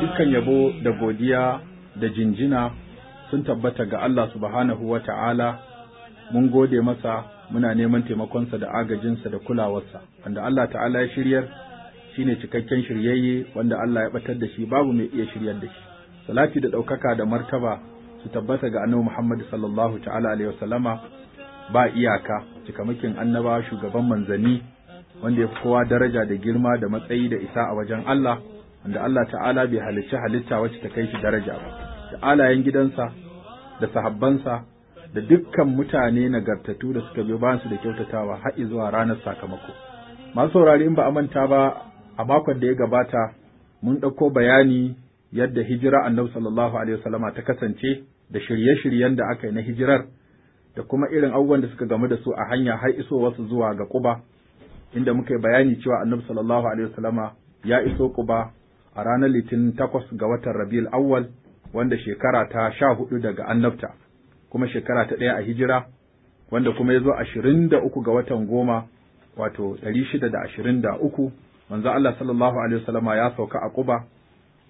dukkan yabo da godiya da jinjina sun tabbata ga Allah subhanahu wa ta'ala, mun gode masa muna neman taimakonsa da agajinsa da kulawarsa, wanda Allah ta'ala ya shiryar shi ne cikakken shiryayye wanda Allah ya batar da shi babu mai iya shiryar da shi. Salati da ɗaukaka da martaba su tabbata ga annabi Muhammad sallallahu ta'ala alaihi wasallama ba iyaka cikamakin annaba shugaban manzani, wanda ya fi kowa daraja da girma da matsayi da isa a wajen Allah. wanda Allah ta'ala bai halicci halitta wacce ta kai shi daraja ba da alayen gidansa da sahabbansa da dukkan mutane nagartattu da suka biyo bayansu da kyautatawa har zuwa ranar sakamako masu saurari in ba a manta ba a makon da ya gabata mun ɗauko bayani yadda hijira annabi sallallahu alaihi wasallama ta kasance da shirye-shiryen da aka yi na hijirar da kuma irin abubuwan da suka gamu da su a hanya har iso wasu zuwa ga Quba inda muka yi bayani cewa annabi sallallahu alaihi wasallama ya iso Quba a ranar litinin takwas ga watan rabiul awwal wanda shekara ta sha hudu daga annabta kuma shekara ta ɗaya a hijira wanda kuma ya zo ashirin da uku ga watan goma wato ɗari shida da ashirin da uku manzo Allah sallallahu alaihi wasallama ya sauka a Quba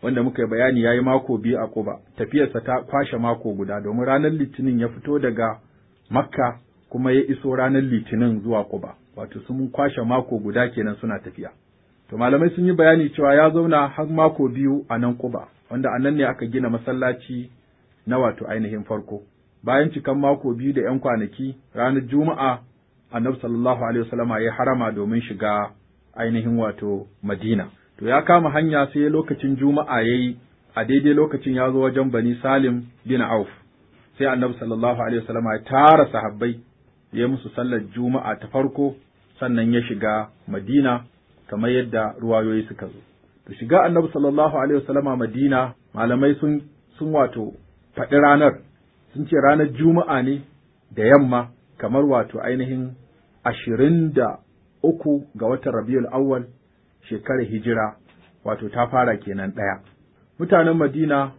wanda muka yi bayani ya yi mako biyu a Quba tafiyarsa ta kwashe mako guda domin ranar litinin ya fito daga Makka kuma ya iso ranar litinin zuwa Quba wato sun kwashe mako guda kenan suna tafiya to malamai sun yi bayani cewa ya zauna har mako biyu a nan Kuba wanda a nan ne aka gina masallaci na wato ainihin farko bayan cikan mako biyu da ‘yan kwanaki ranar Juma'a, annabi sallallahu Alaihi wasallama ya harama domin shiga ainihin wato Madina. To ya kama hanya sai lokacin Juma'a ya yi, a daidai lokacin ya zo wajen Bani Salim bin Auf, sai annabi sallallahu Alaihi wasallama ya tara sahabbai, ya musu sallar Juma'a ta farko, sannan ya shiga Madina kamar yadda ruwayoyi suka zo to shiga annabi sallallahu alaihi wasallama madina malamai sun sun wato faɗi ranar sun ce ranar juma'a ne da yamma kamar wato ainihin ashirin da uku ga watan rabiul awwal shekarar hijira wato ta fara kenan ɗaya mutanen madina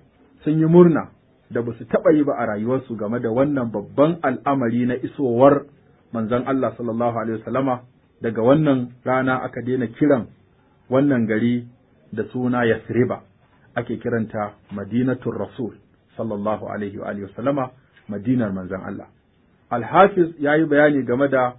sun yi murna da ba su taɓa yi ba a rayuwarsu game da wannan babban al'amari na isowar manzon Allah sallallahu alaihi wasallama daga wannan rana aka daina kiran wannan gari da suna Yasriba ake kiranta Madinatul Rasul sallallahu alaihi wa alihi wasallama Madinar manzon Allah Al-Hafiz yi bayani game da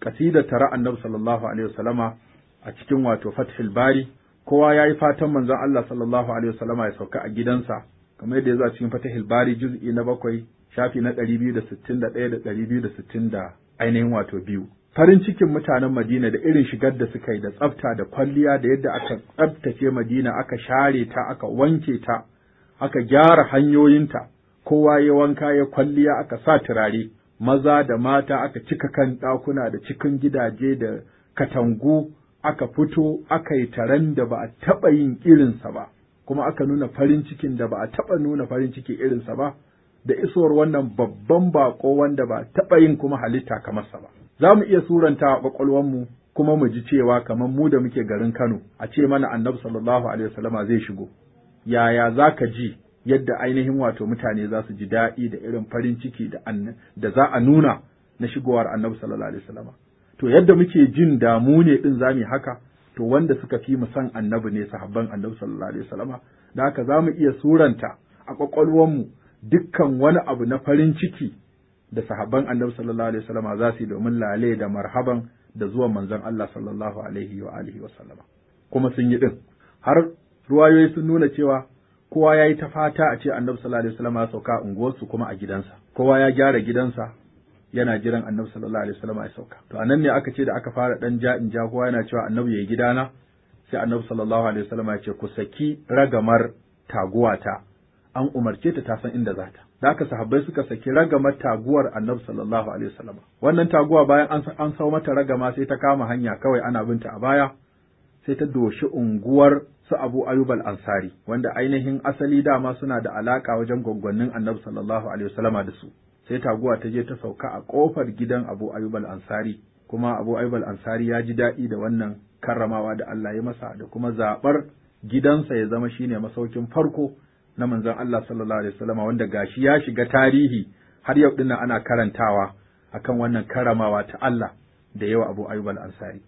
kasidar tara Annabi sallallahu alaihi wasallama a cikin wato Fathul Bari kowa ya yi fatan manzon Allah sallallahu alaihi wasallama ya sauka a gidansa kamar yadda ya zo a cikin Fathul Bari juz'i na bakwai shafi na ɗari biyu da sittin da ɗaya da ɗari biyu da sittin da ainihin wato biyu farin cikin mutanen Madina da irin shigar da suka yi da tsafta da kwalliya da yadda aka tsaftace Madina aka share ta aka wanke ta aka gyara hanyoyinta kowa ya wanka ya kwalliya aka sa turare maza da mata aka cika kan ɗakuna da cikin gidaje da katangu aka fito aka yi taron da ba a taɓa yin irinsa ba kuma aka nuna farin cikin da ba a taɓa nuna farin ciki irinsa ba da isowar wannan babban baƙo wanda ba taɓa yin kuma halitta kamarsa ba za mu iya suranta a mu kuma mu ji cewa kamar mu da muke garin Kano a ce mana annabi sallallahu alaihi wasallama zai shigo yaya za ka ji yadda ainihin wato mutane za su ji daɗi da irin farin ciki da da za a nuna na shigowar annabi sallallahu alaihi wasallama to yadda muke jin damu ne din za mu haka to wanda suka fi mu san annabi ne sahabban annabi sallallahu alaihi wasallama da haka za mu iya suranta a mu dukkan wani abu na farin ciki da sahabban annabi sallallahu alaihi wasallama za su yi domin lale da marhaban da zuwan manzon Allah sallallahu alaihi wa alihi wasallama kuma sun yi din har ruwayoyi sun nuna cewa kowa ya yi ta fata a ce annabi sallallahu alaihi wasallama ya sauka unguwarsu kuma a gidansa kowa ya gyara gidansa yana jiran annabi sallallahu alaihi wasallama ya sauka to anan ne aka ce da aka fara dan ja in ja kowa yana cewa annabi yayi gidana sai annabi sallallahu alaihi wasallama ya ce ku saki ragamar taguwata an umarce ta ta san inda za ta da haka sahabbai suka saki ragamar taguwar annabi sallallahu alaihi wasallam wannan taguwa bayan an an sau mata ragama sai ta kama hanya kawai ana binta a baya sai ta doshi unguwar su Abu Ayyub al-Ansari wanda ainihin asali dama suna da alaka wajen goggonnin annabi sallallahu alaihi wasallam da su sai taguwa ta je ta sauka a kofar gidan Abu Ayyub al-Ansari kuma Abu Ayyub al-Ansari ya ji daɗi da wannan karramawa da Allah ya masa da kuma zaɓar gidansa ya zama shine masaukin farko na manzon Allah sallallahu alaihi wasallam wanda gashi ya shiga tarihi har yau dinnan ana karantawa akan wannan karamawa ta Allah da yawa Abu Ayyub al-Ansari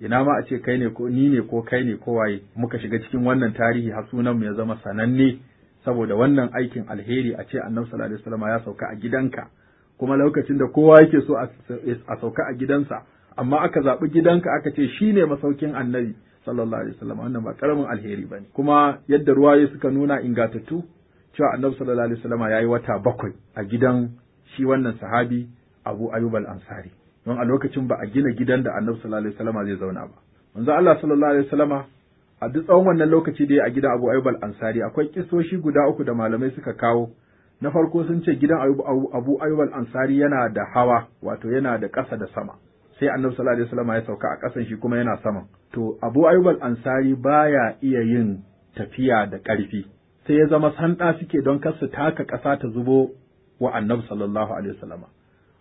ina ma a ce kai ne ko ni ne ko kai ne ko waye muka shiga cikin wannan tarihi har sunan mu ya zama sananne saboda wannan aikin alheri a ce Annabi sallallahu alaihi wasallam ya sauka a gidanka kuma lokacin da kowa yake so a sauka a gidansa amma aka zaɓi gidanka aka ce shine masaukin Annabi sallallahu alaihi wasallam wannan ba karamin alheri bane kuma yadda ruwaye suka nuna ingatattu cewa annabi sallallahu alaihi wasallam yayi wata bakwai a gidan shi wannan sahabi Abu Ayyub al-Ansari don a lokacin ba a gina gidan da annabi sallallahu alaihi wasallam zai zauna ba manzo Allah sallallahu alaihi wasallam a duk tsawon wannan lokaci da ya a gidan Abu Ayyub al-Ansari akwai kisoshi guda uku da malamai suka kawo na farko sun ce gidan Abu Ayyub al-Ansari yana da hawa wato yana da ƙasa da sama sai annabi sallallahu alaihi wasallam ya sauka a kasan shi kuma yana saman to Abu ayubal ansari baya iya yin tafiya da ƙarfi sai ya zama sanda suke don kar su taka ƙasa ta zubo wa annabi sallallahu alaihi wasallam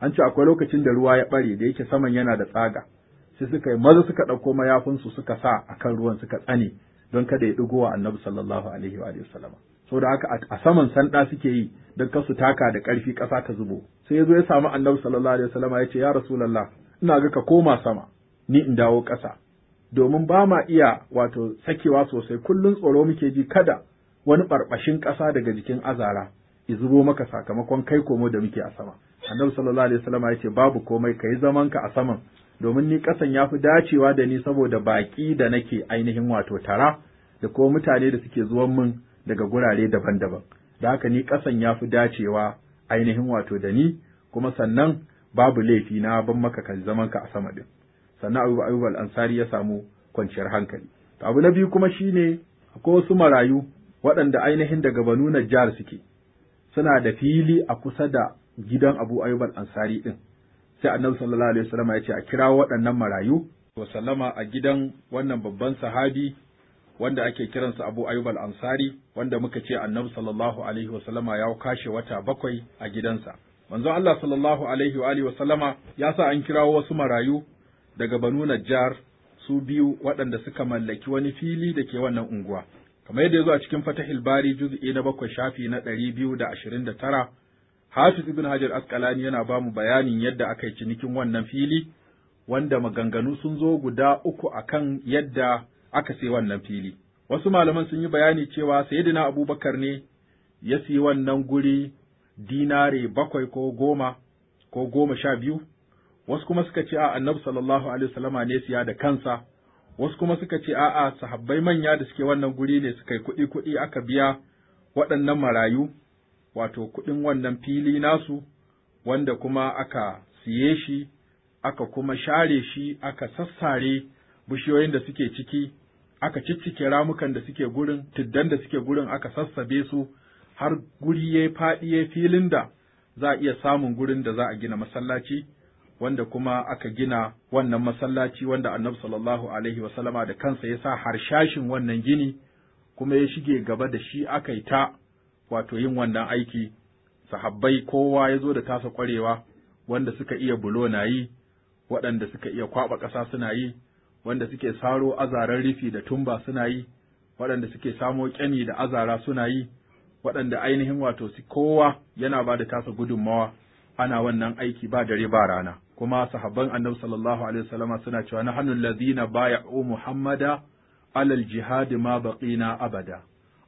an ce akwai lokacin da ruwa ya bare da yake saman yana da tsaga sai suka yi maza suka ɗauko su suka sa akan ruwan suka tsane don kada ya ɗigo wa annabi sallallahu alaihi wa saboda haka a saman sanda suke yi don kar su taka da ƙarfi ƙasa ta zubo sai ya zo ya samu annabi sallallahu alaihi wasallam ya ce ya rasulullah ina ga ka koma sama ni in dawo ƙasa domin ba ma iya wato sakewa sosai kullun tsoro muke ji kada wani ɓarɓashin ƙasa daga jikin azara ya zubo maka sakamakon kai komo da muke a sama annabi sallallahu alaihi wasallam ya ce babu komai kai zaman ka a saman domin ni ƙasan ya fi dacewa da ni saboda baƙi da nake ainihin wato tara da kuma mutane da suke zuwan min daga gurare daban-daban da haka ni ƙasan ya fi dacewa ainihin wato da ni kuma sannan babu laifi na ban maka ka zaman ka a sama din sannan Abu Ayyub al-Ansari ya samu kwanciyar hankali To abu na biyu kuma shine akwai wasu marayu waɗanda ainihin daga Banu Najjar suke suna da fili a kusa da gidan Abu Ayyub al-Ansari din sai Annabi sallallahu alaihi wasallam ya ce a kira waɗannan marayu to sallama a gidan wannan babban sahabi wanda ake kiransa Abu Ayyub al-Ansari wanda muka ce Annabi sallallahu alaihi wasallama ya kashe wata bakwai a gidansa manzo Allah sallallahu alaihi wa alihi sallama ya sa an kirawo wasu marayu daga Banu Najjar su biyu waɗanda suka mallaki wani fili da ke wannan unguwa kamar yadda ya zo a cikin Fatahil Bari juz'i na bakwai shafi na ɗari biyu da ashirin da tara Hafiz ibn Hajar Asqalani yana ba mu bayanin yadda aka yi cinikin wannan fili wanda maganganu sun zo guda uku akan yadda aka sai wannan fili. Wasu malaman sun yi bayani cewa Sayyidina Abubakar ne ya siyi wannan guri dinare bakwai ko goma ko goma sha biyu wasu kuma suka ce a annabi sallallahu alaihi wasallama ne siya da kansa wasu kuma suka ce a'a sahabbai manya da suke wannan guri ne suka yi kuɗi kuɗi aka biya waɗannan marayu wato kuɗin wannan fili nasu wanda kuma aka siye shi aka kuma share shi aka sassare bishiyoyin da suke ciki aka ciccike ramukan da suke gurin tuddan da suke gurin aka sassabe su har guri ya faɗi ya filin da za a iya samun gurin da za a gina masallaci wanda kuma aka gina wannan masallaci wanda annabi sallallahu alaihi wasallama da kansa ya sa harshashin wannan gini kuma ya shige gaba da shi aka yi ta wato yin wannan aiki sahabbai kowa ya zo da tasa ƙwarewa wanda suka iya bulo na yi waɗanda suka iya kwaɓa ƙasa suna yi wanda suke saro azaran rufi da tumba suna yi waɗanda suke samo ƙyani da azara suna yi waɗanda ainihin wato si kowa yana ba da tasa gudunmawa ana wannan aiki ba dare ba rana kuma sahabban annabi sallallahu alaihi wasallama suna cewa na hannun ladina baya'u muhammada alal jihadi ma baqina abada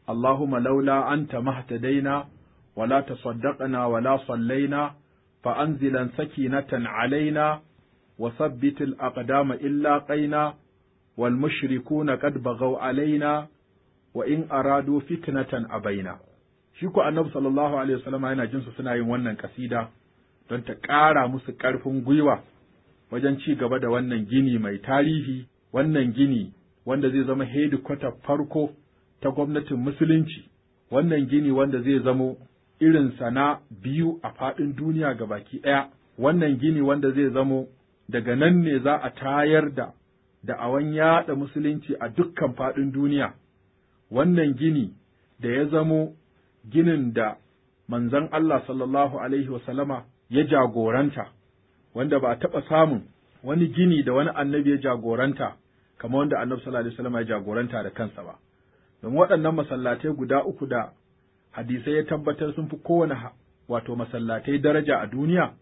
allahumma laula anta mahtadaina wala tasaddaqna wala sallaina fa anzilan sakinatan alaina wa sabbitil aqdama illa qaina wal mushrikuna qad baghaw alaina wa in aradu fitnatan abaina shi ko annabi sallallahu alaihi wasallam yana jinsu suna yin wannan kasida don ta ƙara musu ƙarfin gwiwa wajen ci gaba da wannan gini mai tarihi wannan gini wanda zai zama hedikwata farko ta gwamnatin musulunci wannan gini wanda zai zamo irin sana biyu a faɗin duniya ga baki ɗaya wannan gini wanda zai zamo daga nan ne za a tayar da da awan yaɗa musulunci a dukkan faɗin duniya wannan gini da ya zamo ginin da manzan Allah sallallahu alaihi wasallama ya jagoranta wanda ba a taɓa samun wani gini da wani annabi ya jagoranta kamar wanda annabi sallallahu alaihi wasallama ya jagoranta da kansa ba don waɗannan masallatai guda uku da hadisai ya tabbatar sun fi kowane wato masallatai daraja a duniya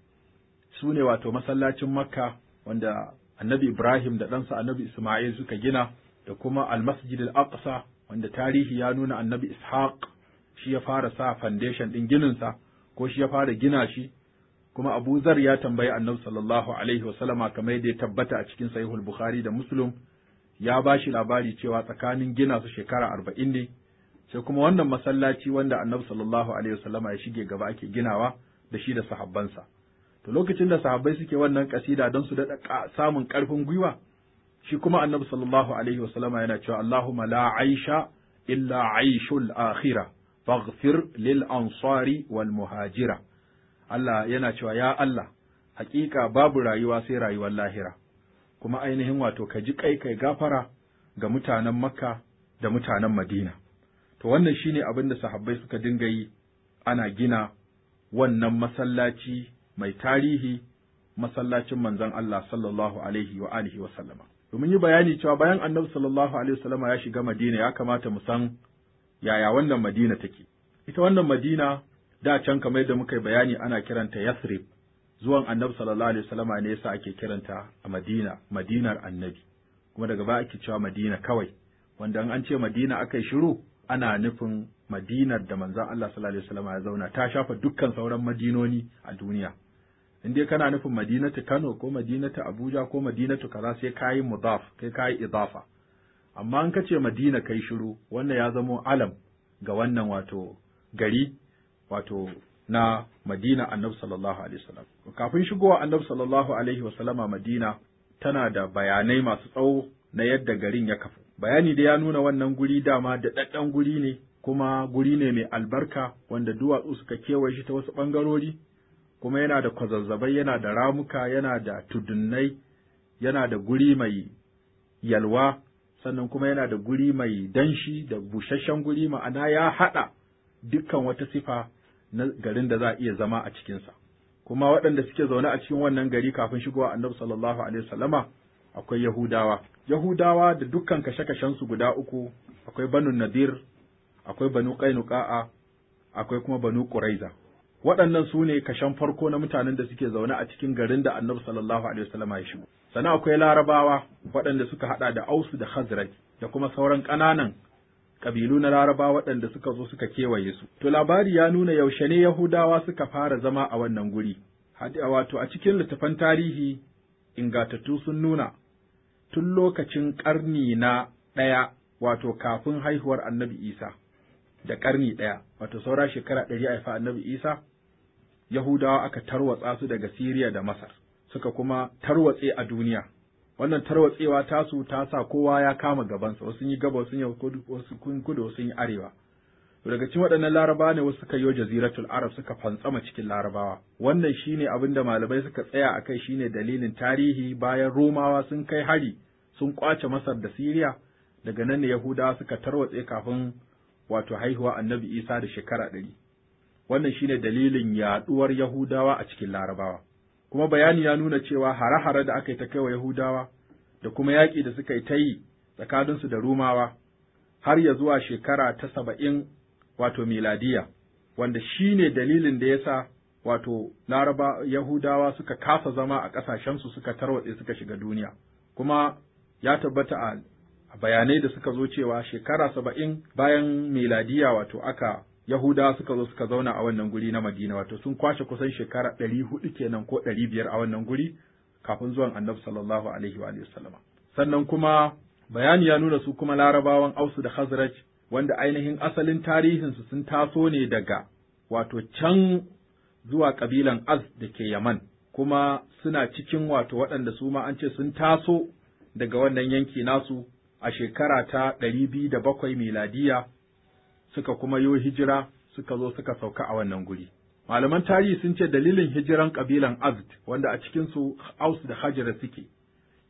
su ne wato masallacin makka wanda annabi ibrahim da ɗansa annabi isma'il suka gina da kuma almasjid al-aqsa wanda tarihi ya nuna annabi ishaq shi ya fara sa foundation ɗin gininsa ko shi ya fara gina shi kuma Abu Zar ya tambayi Annabi sallallahu alaihi wasallama kamar yadda ya tabbata a cikin Sahihul Bukhari da Muslim ya ba shi labari cewa tsakanin gina su shekara arba'in ne sai kuma wannan masallaci wanda Annabi sallallahu alaihi wasallama ya shige gaba ake ginawa da shi da sahabbansa to lokacin da sahabbai suke wannan kasida don su daɗa samun karfin gwiwa shi kuma Annabi sallallahu alaihi wasallama yana cewa Allahumma la aisha illa aishul akhirah faghfir lil ansari wal muhajira Allah yana cewa ya Allah hakika babu rayuwa sai rayuwar lahira kuma ainihin wato ka ji kai kai gafara ga mutanen Makka da mutanen Madina to wannan shine abin da sahabbai suka dinga yi ana gina wannan masallaci mai tarihi masallacin manzon Allah sallallahu alaihi wa alihi wa sallama domin yi bayani cewa bayan Annabi sallallahu alaihi wa sallama ya shiga Madina ya kamata mu san yaya wannan Madina take. Ita wannan Madina da can kamar yadda muka yi bayani ana kiranta Yathrib, zuwan annabi sallallahu alaihi wasallama ne yasa ake kiranta a Madina, Madinar annabi, kuma daga baya ake cewa Madina kawai, wanda an ce Madina aka yi shiru ana nufin Madinar da manzon Allah sallallahu alaihi wasallama ya zauna ta shafa dukkan sauran madinoni a duniya. In dai kana nufin Madinatu Kano ko Madinatu Abuja ko Madinatu kaza sai kayi mudaf, kai kayi idafa. amma an kace Madina kai shiru wannan ya zamo alam ga wannan wato gari wato na Madina Annabi sallallahu alaihi wasallam kafin shigowa Annabi sallallahu alaihi wasallama Madina tana da bayanai masu tsawo na yadda garin ya kafa. bayani da ya nuna wannan guri dama da daddan guri ne kuma guri ne mai albarka wanda duwatsu suka kewaye shi ta wasu ɓangarori kuma yana da kwazazzabai yana da ramuka yana da tudunnai yana da guri mai yalwa sannan kuma yana da guri mai danshi da busasshen guri ma'ana ya haɗa dukkan wata sifa na garin da za a iya zama a cikinsa kuma waɗanda suke zaune a cikin wannan gari kafin shigowa annabi sallallahu alaihi wasallama akwai yahudawa yahudawa da dukkan kashe-kashensu guda uku akwai banu nadir akwai banu qainuqa'a akwai kuma banu quraiza waɗannan su ne kashen farko na mutanen da suke zaune a cikin garin da annabi sallallahu alaihi wasallam ya shigo sannan akwai larabawa waɗanda suka haɗa da ausu da khazraj da kuma sauran ƙananan ƙabilu na larabawa waɗanda suka zo suka kewaye su to labari ya nuna yaushe ne yahudawa suka fara zama a wannan guri wato a cikin littafan tarihi ingatattu sun nuna tun lokacin ƙarni na ɗaya wato kafin haihuwar annabi isa da ƙarni ɗaya wato saura shekara ɗari a annabi isa Yahudawa aka tarwatsa su daga Siriya da Masar, suka kuma tarwatse a duniya. Wannan tarwatsewa tasu ta sa kowa ya kama gabansa, wasu yi gaba, wasu yi kudu, wasu yi arewa. Daga cikin waɗannan laraba ne wasu suka yo jaziratul Arab suka fantsama cikin larabawa. Wannan shine abin da malamai suka tsaya a kai shi ne dalilin tarihi bayan Romawa sun kai hari sun kwace Masar da Siriya, daga nan ne Yahudawa suka tarwatse kafin wato haihuwa annabi Isa da shekara ɗari. wannan shine dalilin yaɗuwar Yahudawa a cikin Larabawa. Kuma bayani ya nuna cewa hare-hare da aka yi ta wa Yahudawa da kuma yaƙi da suka yi ta yi tsakaninsu da Rumawa har ya zuwa shekara ta saba'in wato miladiya, wanda shi ne dalilin da ya sa wato Laraba Yahudawa suka kasa zama a ƙasashensu suka tarwatse suka shiga duniya. Kuma ya tabbata a bayanai da suka zo cewa shekara saba'in bayan miladiya wato aka Yahudawa suka zo suka zauna a wannan guri na Madina wato sun kwashe kusan shekara ɗari hudu kenan ko ɗari biyar a wannan guri kafin zuwan Annabi sallallahu alaihi wa sallama. Sannan kuma bayani ya nuna su kuma Larabawan Ausu da Khazraj wanda ainihin asalin tarihinsu sun taso ne daga wato can zuwa kabilan Az da ke Yaman kuma suna cikin wato waɗanda su ma an ce sun taso daga wannan yanki nasu a shekara ta ɗari biyu da bakwai miladiya suka kuma yo hijira suka zo suka sauka a wannan guri. Malaman tarihi sun ce dalilin hijiran kabilan Azd wanda a cikinsu Aus da Hajara suke,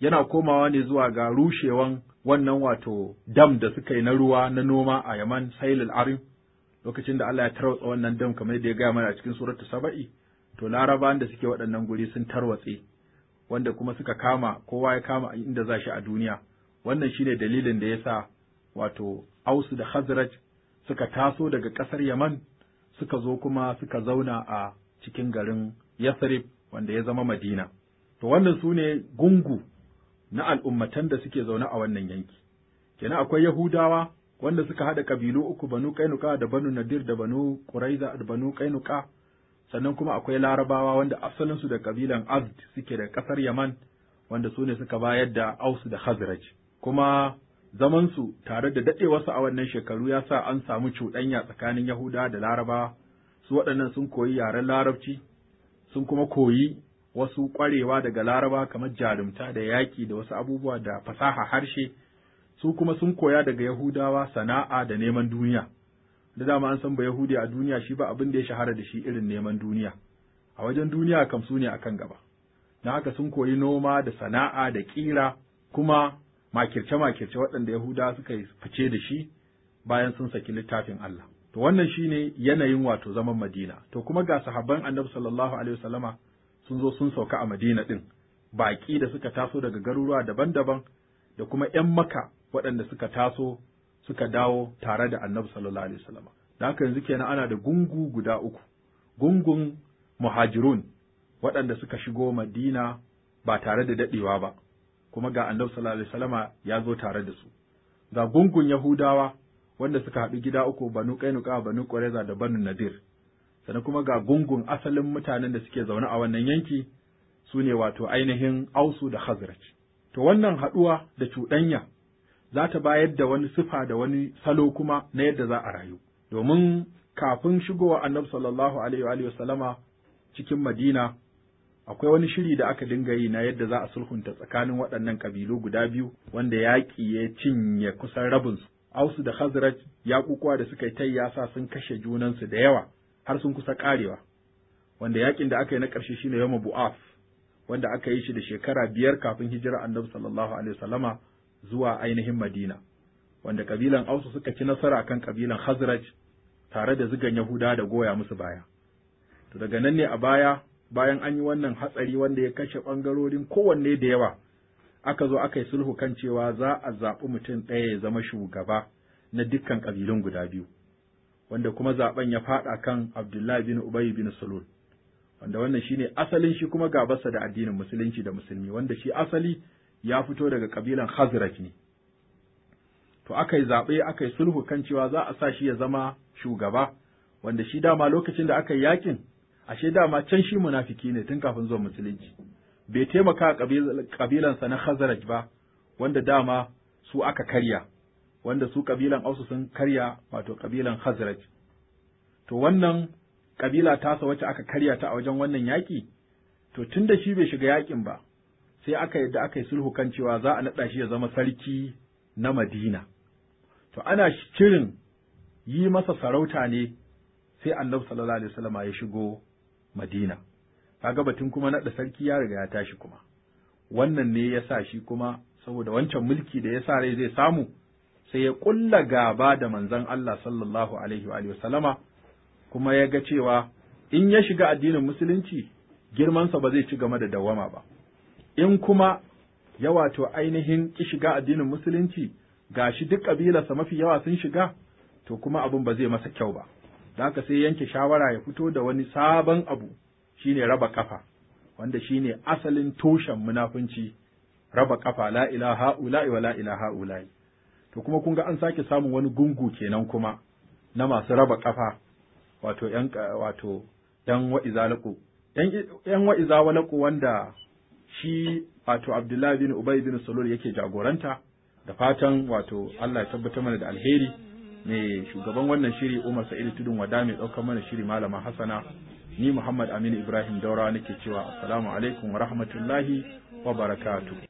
yana komawa ne zuwa ga rushewan wannan wato dam da suka yi na ruwa na noma a Yaman Sailul Arim lokacin da Allah ya tarwatsa wannan dam kamar da ya gaya mana a cikin suratu Saba'i to Laraba da suke waɗannan guri sun tarwatse wanda kuma suka kama kowa ya kama inda za shi a duniya wannan shine dalilin da ya sa wato Aus da Khazraj suka taso daga ƙasar Yaman suka zo kuma suka zauna a cikin garin Yathrib wanda ya zama Madina. To wannan su ne gungu na al'ummatan da suke zaune a wannan yanki. Kenan akwai Yahudawa wanda suka haɗa kabilu uku banu Kainuka da banu Nadir da banu Quraiza da banu Kainuka sannan kuma akwai Larabawa wanda asalinsu da kabilan Azd suke da ƙasar Yaman wanda su ne suka bayar da Aus da Khazraj. Kuma Zamansu tare da daɗewarsu a wannan shekaru ya sa an samu cuɗanya tsakanin Yahuda da Laraba su waɗannan sun koyi yaren Larabci, sun kuma koyi wasu ƙwarewa daga Laraba kamar jarumta da yaƙi da wasu abubuwa da fasaha harshe, su kuma sun koya daga Yahudawa sana'a da neman duniya. Da dama an san ba Yahudi a duniya shi ba abin da ya shahara da shi irin neman duniya. A wajen duniya kam su ne a kan gaba. Na haka sun koyi noma da sana'a da ƙira kuma makirce-makirce waɗanda Yahuda suka yi fice da shi bayan sun saki littafin Allah. To wannan shine yanayin wato zaman Madina. To kuma ga sahabban Annabi sallallahu alaihi wasallama sun zo sun sauka a Madina din. Baƙi da suka taso daga garuruwa daban-daban da kuma ‘yan maka waɗanda suka taso suka dawo tare da Annabi sallallahu alaihi wasallama. Da haka yanzu kenan ana da gungu guda uku. Gungun muhajirun waɗanda suka shigo Madina ba tare da daɗewa ba, kuma ga annabi sallallahu alaihi wasallama ya zo tare da su ga gungun yahudawa wanda suka haɗu gida uku banu kainuka banu qureza da banu nadir sannan kuma ga gungun asalin mutanen da suke zaune a wannan yanki su ne wato ainihin ausu da khazraj to wannan haɗuwa da cuɗanya za ta bayar da wani sifa da wani salo kuma na yadda za a rayu domin kafin shigowa annabi sallallahu alaihi wa sallama cikin madina akwai wani shiri da aka dinga yi na yadda za a sulhunta tsakanin waɗannan ƙabilu guda biyu wanda yaƙi ya cinye kusan rabinsu. Ausu da ya yaƙuƙuwa da suka yi ta yasa sun kashe junansu da yawa har sun kusa ƙarewa. Wanda yaƙin da aka yi na ƙarshe shine Yawma Bu'af wanda aka yi shi da shekara biyar kafin hijira Annabi sallallahu alaihi wasallama zuwa ainihin Madina. Wanda kabilan Ausu suka ci nasara akan kabilan Khazraj tare da zigan Yahuda da goya musu baya. To daga nan ne a baya bayan an yi wannan hatsari wanda ya kashe ɓangarorin kowanne da yawa aka zo aka yi sulhu kan cewa za a zaɓi mutum ɗaya ya zama shugaba na dukkan ƙabilun guda biyu wanda kuma zaɓen ya faɗa kan Abdullahi bin Ubay bin Salul wanda wannan shine asalin shi kuma gabarsa da addinin musulunci da musulmi wanda shi asali ya fito daga kabilan hazraj ne to aka yi zaɓe aka yi sulhu kan cewa za a sa shi ya zama shugaba wanda shi dama lokacin da aka yi yakin ashe dama can shi munafiki ne tun kafin zuwa musulunci bai taimaka kabilansa na Khazraj ba wanda dama su aka karya wanda su kabilan Ausu sun karya wato kabilan Khazraj to wannan kabila tasa wacce aka karya ta a wajen wannan yaƙi, to tun da shi bai shiga yaƙin ba sai aka yadda aka yi sulhu kan cewa za a naɗa shi ya zama sarki na Madina to ana shirin yi masa sarauta ne sai Annabi sallallahu alaihi wasallam ya shigo Madina kaga batun kuma naɗa sarki ya riga ya tashi kuma wannan ne ya sa shi kuma saboda wancan mulki da ya sa rai zai samu sai ya ƙulla gaba da manzan Allah sallallahu alaihi wa kuma ya ga cewa in ya shiga addinin musulunci girmansa ba zai ci game da dawama ba in kuma ya wato ainihin ki shiga addinin musulunci ga shi duk ƙabilarsa mafi yawa sun shiga to kuma abin ba zai masa kyau ba Zaka sai yanke shawara ya fito da wani sabon abu shine raba kafa wanda shine asalin tushen munafunci raba kafa la ilaha ula'i wa la ilaha ula'i to kuma kun ga an sake samun wani gungu kenan kuma na masu raba kafa wato yan wato yan yan wa'iza wanda shi wato Abdullahi bin Ubay bin Salul yake jagoranta da fatan wato Allah ya tabbata mana da alheri ne shugaban wannan shiri Umar Sa'id Tudun Wada mai ɗaukar mana shiri Malama Hassana ni Muhammad Aminu Ibrahim Daura nake cewa assalamu alaikum wa rahmatullahi wa barakatuh